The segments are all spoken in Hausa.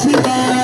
felicidade.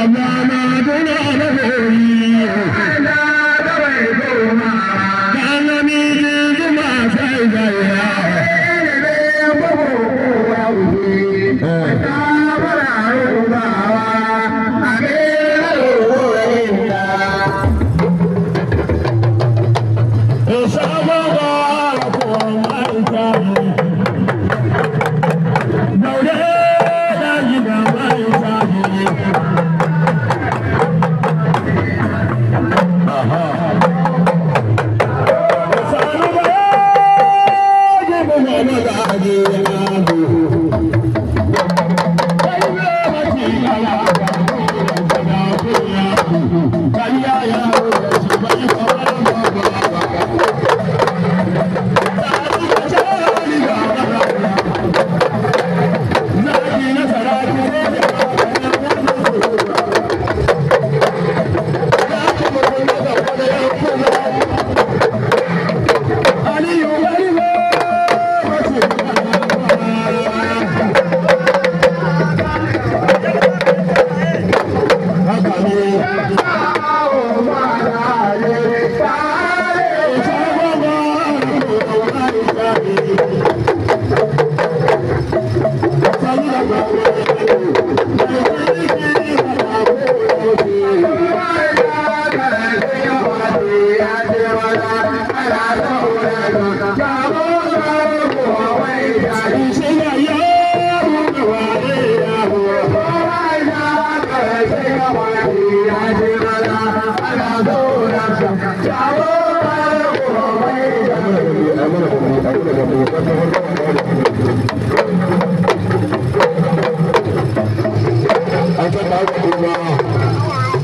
Allah'ın adını you.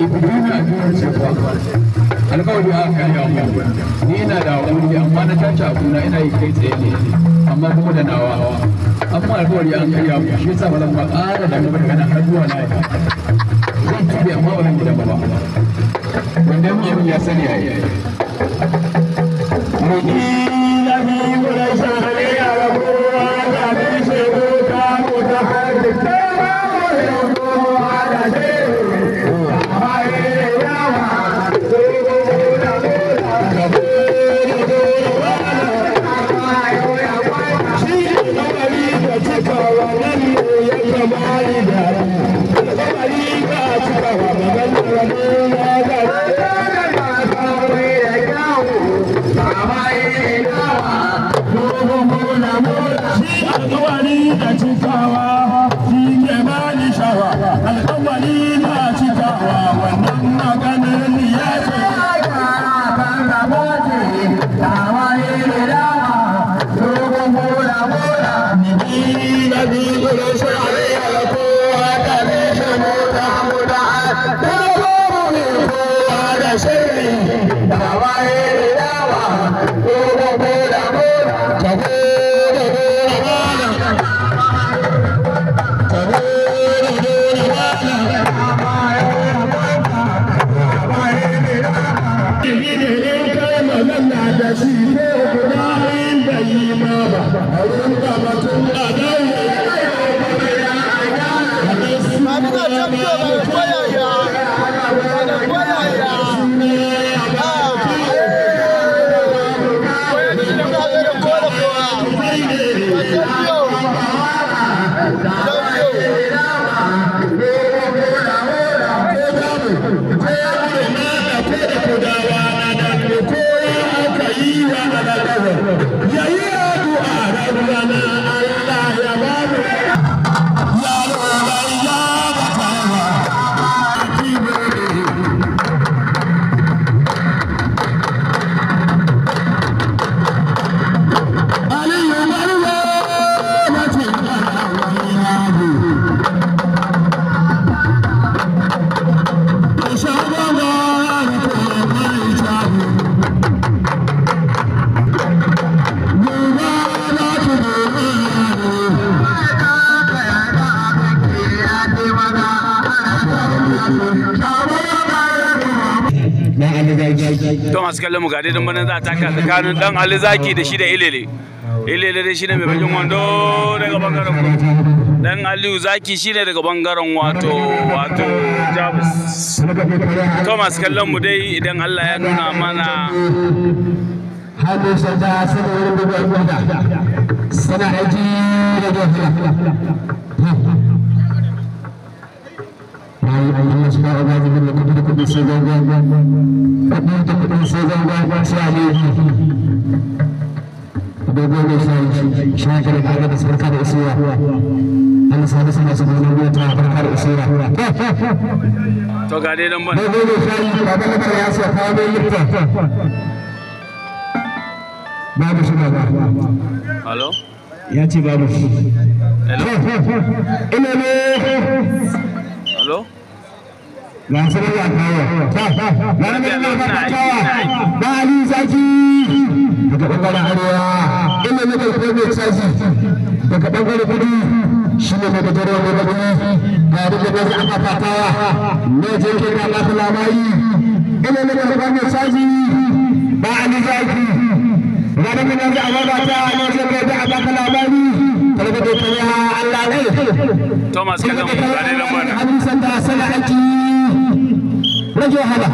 ibrahim a jihar cefa alkawari a karya mu ni ina da hakuri amma na tace abuna ina yi kai tsaye ne amma kuma da nawa amma alkawari an karya mu shi yasa ba zan ba ƙara da gaba daga har zuwa na zan tabi amma ba zan gidan ba wanda mu abin ya sani yayi roƙi lafi gurai shahare ya rabuwa da bin shekuta ko ta har da ta ba shi ne guda ma ba a wurin kamatun adam masu kallon mu ga dai dan banan za ta ka tsakanin dan Ali Zaki da shi da Ilele Ilele dai shine mai bakin wando daga bangaren kudu dan Aliyu Zaki shine daga bangaren wato wato Jabus to masu kallon mu dai idan Allah ya nuna mana hannu sanda sanar da wani da suna ji da Allah shi ya ce babu shi hello ga su da kawo ga nan na fatawa ba ali zaki daga caji daga bangaren kudu shi ne daga jarawa mai rage wahala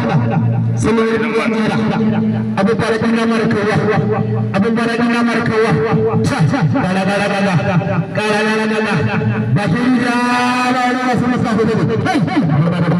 abu abu yi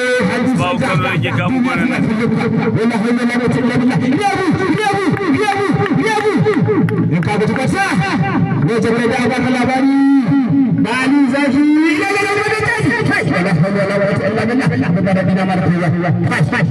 Mau kami lagi kamu mana nak? Yang kau bertukar sah, dia cakap dia akan melabari Bali Zaki. Allah Allah Allah Allah Allah Allah Allah Allah Allah Allah Allah Allah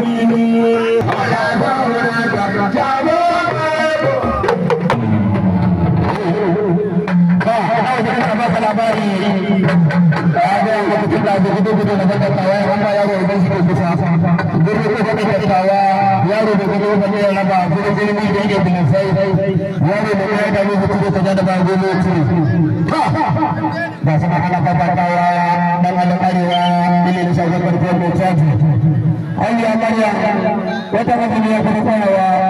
That's an alakabatawa, an Ayah Maria, kita akan punya bersama ya.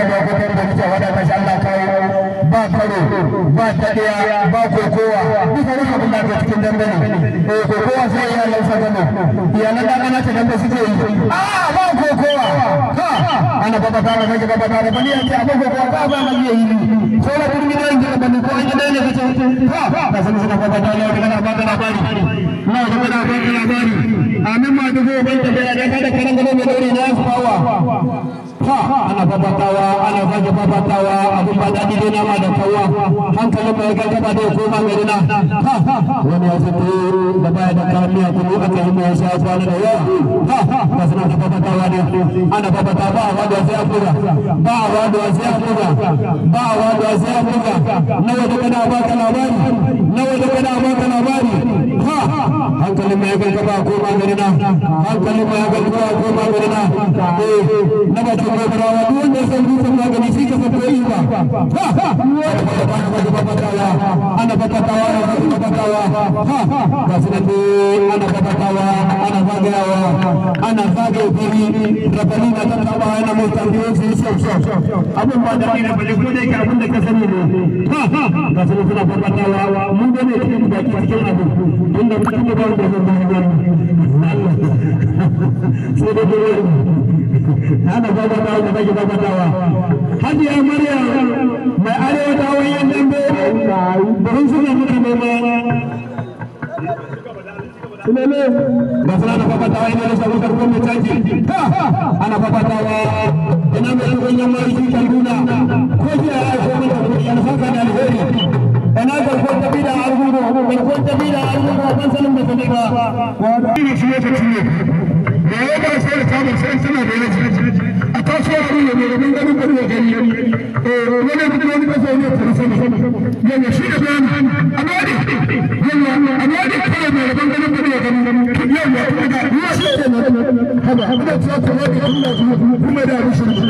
ba taɗiya ba kokowa duka duka abin da cikin dambe ne eh kokowa sai sa da ta dambe suke yi a ba kokowa ka ana baba ta da kake baba ta da kokowa ba ba mai yi ko la kun gidan ko an ne ka san suka baba ta ne ba labari na da ba labari amin ma ban ta da karan mai ne ya fawa ana fafatawa ana fage fafatawa abin ba daɗi dai nama da kowa hankalin mai gaba da koma gari na wani ya fito da baya da kamiya kuma aka yi mai sa kwana da yawa ba suna da fafatawa ne ana fafata ba a wadawa sai a buga ba a wadawa sai a buga ba a wadawa sai a buga nawa da kana ba ka labari nawa da kana ba ka labari hankalin mai gargaba ko magarina hankalin mai gargaba ko magarina na ba ta gobara wa duk wanda san dutsen magani shi ka san koyi ba ana fafatawa ana fafatawa ga su nan ana fafatawa ana zagayawa ana zagaye fili rabani na ta taba yana mota biyu su yi shau shau abin ba da ne rabani ko da yake abin da ka sani ne ga su nan suna fafatawa mun gane cikin baki cikin abin ana gabatawa da take gabatawa ko jiya ya aiko mata kuɗi ina garkuwar tafi da argudu garkuwar tafi da argudu a kansalin da sani ba wani shi ya ciye da ya ba sai da samun sai suna da yaji a kasuwar abin da mai mun ganin gari da gari wani kuma wani kasa ne ta rasa ne yana shi da bayan alwadi yana alwadi kare mai rabon ganin gari da gari yau ya kuma da ruwa shi da haba haba ta tsawon da kuma da rushin